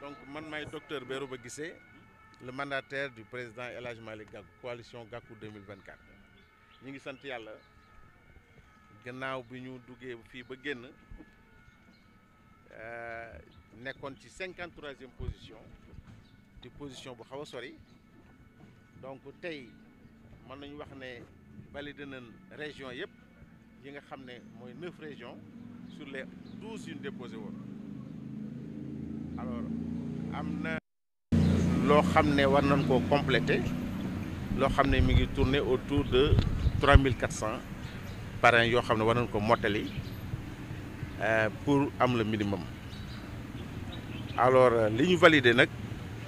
donc man maay docteur Bérouba Guissé le mandataire du président El Hadj Malick Gakou coalition Gakou 2024 ñu ngi sant yàlla gannaaw bi ñu duggee fii ba génn euh, nekkoon ci cinquante troisième position di bu xaw a sori donc tey mën nañu wax ne validé nañ région yëpp yi nga xam ne mooy neuf régions sur les douze yu ñu déposé woon am loo xam ne war nañ koo complété loo xam ne mi ngi tourné autour de trois mille quatre cent parrains yoo xam ne war nañ ko mottali euh, pour am le minimum alors euh, li ñu validé nag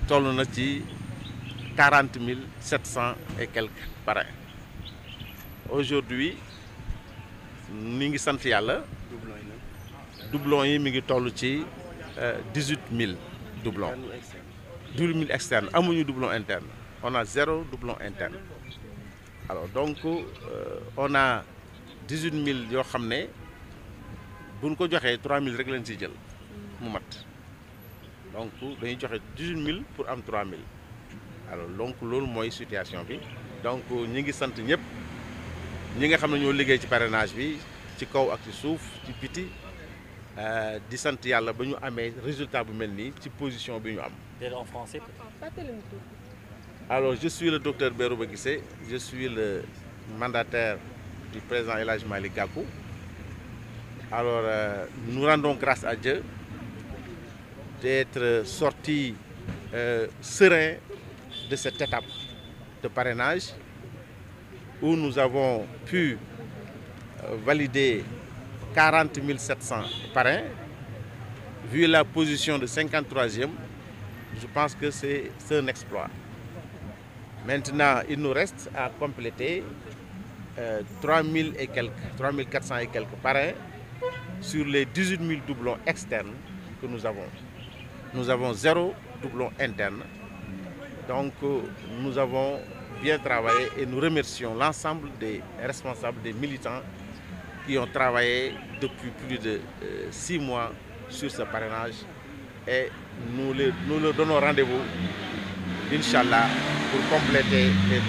toll na ci quarante mille sept cent et quelques parrains aujourd'hui ni ngi sant yàlla doublon yi mi ngi toll ci euh, dix-huit mille doublon dix mille externe amuñu doublon interne on a zéro doublon interne alors donc euh, on a dix huit mille yoo xam ne buñ ko joxee trois mille rek lañ ciy jël mu mat donc dañuy joxe dix mille pour am trois mille alors donc loolu mooy situation bi donc ñi ngi sant ñëpp ñi nga xam ne ñoo liggéey ci parrainage bi ci kaw ak ci suuf ci biti Euh, di sant yàlla ba ñu amee résultat bu mel nii ci position bi ñu am. en français alors je suis le docteur Bérouba Guissé je suis le mandataire du président El Hadj Malick Gakou alors euh, nous rendons grâce à Dieu d'être sorti euh, serein de cette étape de parrainage où nous avons pu euh, valider 40 700 parrains. Vu la position de 53e, je pense que c'est un exploit. Maintenant, il nous reste à compléter euh, et quelques, 3400 et quelques parrains sur les 18 000 doublons externes que nous avons. Nous avons zéro doublon interne. Donc, euh, nous avons bien travaillé et nous remercions l'ensemble des responsables, des militants qui ont travaillé depuis plus de euh, six mois sur ce parrainage et nous, les, nous leur donnons rendez-vous, Inch'Allah, pour compléter les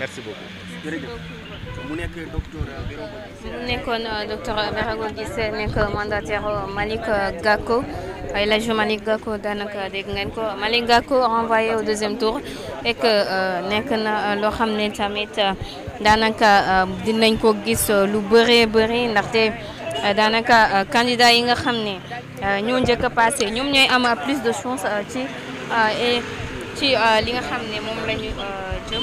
merci beaucoup. jërëjëf mu nekk docteur Bérago Guissé. mu euh, euh, euh, ko Malick Gakou renvoyé au deuxième tour et nekk na loo xam ne tamit daanaka dinañ ko gis lu bëree bëri ndaxte daanaka candidat yi nga xam ne ñoo njëkk a passé ñoom ñooy am plus de chance ci li nga xam ne moom la jëm.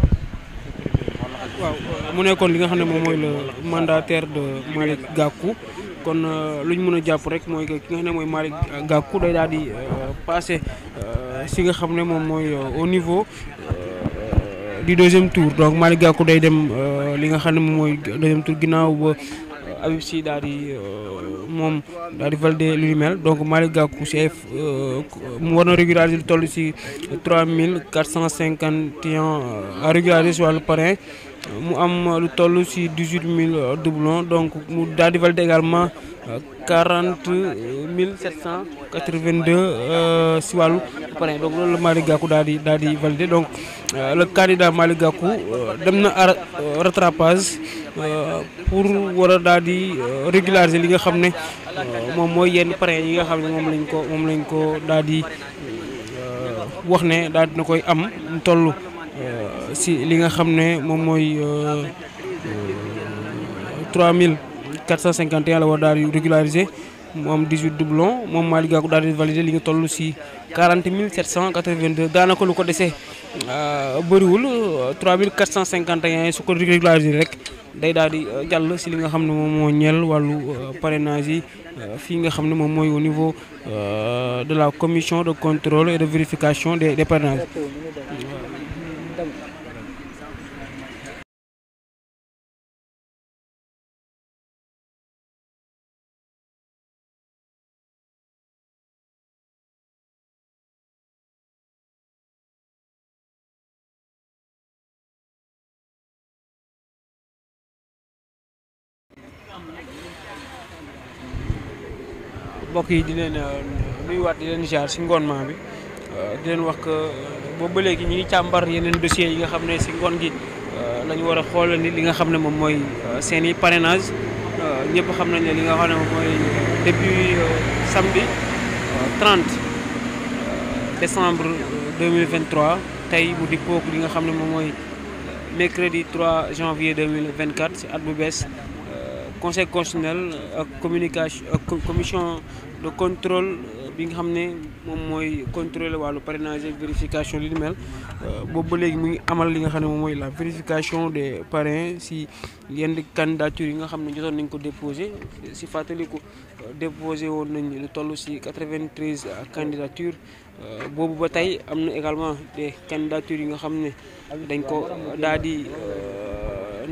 waaw mu nekkoon li nga xam ne moom mooy le mandataire de Malick Gakou kon euh, lu ñu mën a jàpp rek mooy que ki nga xam ne mooy Malick gàkku day daal di euh, passé euh, si nga xam ne moom mooy au niveau di deuxième tour donc mali Gakou day dem li nga xam ne moom mooy deuxième tour ginnaaw ba. Habib Sy daal di euh, moom daal di valider lu mel donc Malick Gakou si ay euh, mu war na régulariser lu toll si 3451 euh, à régulariser si wàllu parrain. mu am lu toll si dix-huit mille euh, doublons donc mu daal di valider également euh, quarante mille sept cent quatre-vingt-deux euh, ci wàllu parrain donc loolu la Malick Gakou daal di daal di valider donc le candidat Malick Gakou dem na à pour war daal di régulariser li nga xam ne moom mooy yenn parrain yi nga xam ne moom lañ ko moom lañ ko daal di wax ne daal dina koy am mu toll. Euh, si li nga xam ne moom mooy euh, euh, mille 3451 la war daal di régulariser moom am 18 doublon moom Malick Gakou daal di valider li nga toll si 40 782 daanaka lu ko dese bëriwul 3451 su ko régulariser rek day daal di jàll si li nga xam ne moom moo ñeel wàllu parrainage yi fii nga xam ne moom mooy au niveau de la commission de contrôle et de vérification des des dem mbokk yi di leen euh, nuyuwaat di leen ziar si ngoon bi euh, di leen wax que euh, boobu ba léegi ñu ngi càmbar yeneen dossiers yi nga xam ne si ngoon gi euh, la ñu war a xoolal ni li nga xam ne moom mooy euh, seeni i parrainage euh, ñëpp xam nañ ne li nga xam ne moom mooy depuis samedi 30 décembre 2023 tey bu di pook li nga xam ne moom mooy mercredi 3 janvier 2024 si at bu bees conseil constitutionnel ak communication commission de contrôle li nga xam ne moom mooy contrôler wàllu parrainage ak vérification li ni mel euh, boobu ba léegi mu ngi amal li nga xam ne moom mooy la vérification des parrains si yenn candidature yi nga xam ne jotoon nañ ko déposé si fàttaliku euh, déposé woon nañ toll si 93 candidature euh, boobu ba tey am na également des candidatures yi nga xam ne dañ ko daal di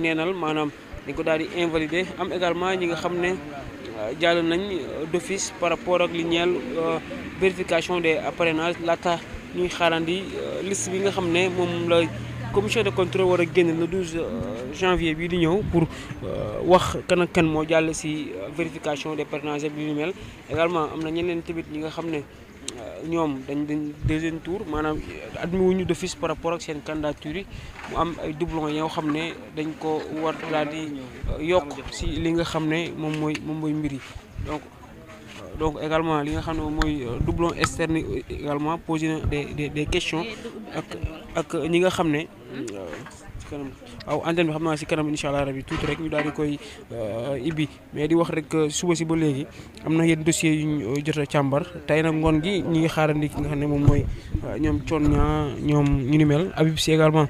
neenal maanaam dañ ko daal di invalider am également ñi nga xam ne Euh, jàll nañ euh, d'office par rapport ak li ñeel euh, vérification des parrainages laata ñuy xaarandi liste bi nga xam ne moom la commission de contrôle war a génn le 12 janvier bii di ñëw pour wax kan ak kan moo jàll ci vérification des parrainages bi ñu mel également am na ñeneen tamit ñi nga xam ne. ñoom dañ dañ deuxième tour maanaam admis wuñu d'office par rapport ak seen candidature yi mu am ay doublons yoo xam ne dañ ko war daal di euh, yokk si li nga xam ne moom mooy moom mooy mbir yi donc donc également li nga xam ne moom mooy euh, doublon externe également posé na des des des questions ak ak ñi nga xam ne euh, kanam waaw antenne bi xam naa si kanam incha allah rabi tuuti rek ñu daal di koy euh, ibi mais di wax rek euh, suba si ba léegi am na yenn dossiers yu ñu euh, jot a càmbar tey nag ngoon gi ñu ngi xaarandi ki nga xam ne moom mooy ñoom Thion ñoom ñu ni mel Habib si également.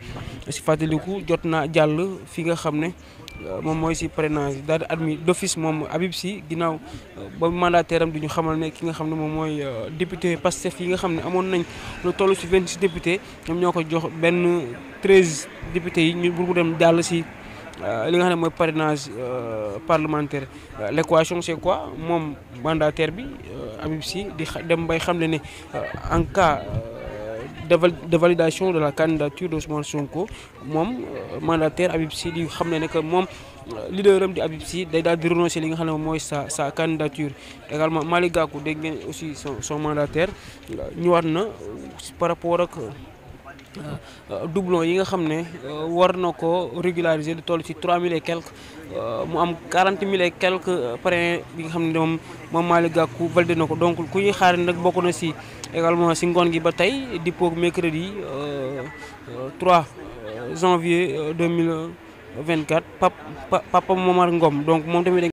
si fàttaliku jot naa jàll fi nga xam ne euh, moom mooy si parrainage yi daal di admis d'office moom Habib si ginnaaw euh, ba mandataire am ñu xamal ne ki nga xam ne moom mooy euh, député Pastef yi nga xam ne amoon nañ lu toll si vingt 26 député ñoom ñoo ko jox benn 13 députés yi ñu bu dem jàll si li nga xam ne mooy parrainage parlementaire l'équation c'est quoi moom mandataire bi Habib Sy di dem bay xam ne ne en cas. de validation de la candidature d'Ousmane Sonko moom euh, mandataire Habib Sy di xam ne ne que moom euh, leader am di Habib Sy day daal di renoncer li nga xam ne mooy sa sa candidature également Malick Gakou dégg ngeen aussi son son ñu ñëwaat na euh, par rapport ak. Euh, euh, doublon yi nga xam ne euh, war na ko régulariser di toll ci 3000 et quelques mu am 40 000 et quelques parrain yi nga xam ne moom moom Malick Gakou validé na ko donc ku ñuy xaar nag bokk na si également si ngoon gi ba tey dippoog mercredi 3 janvier 2024 pap papa Momar Ngom donc moom tamit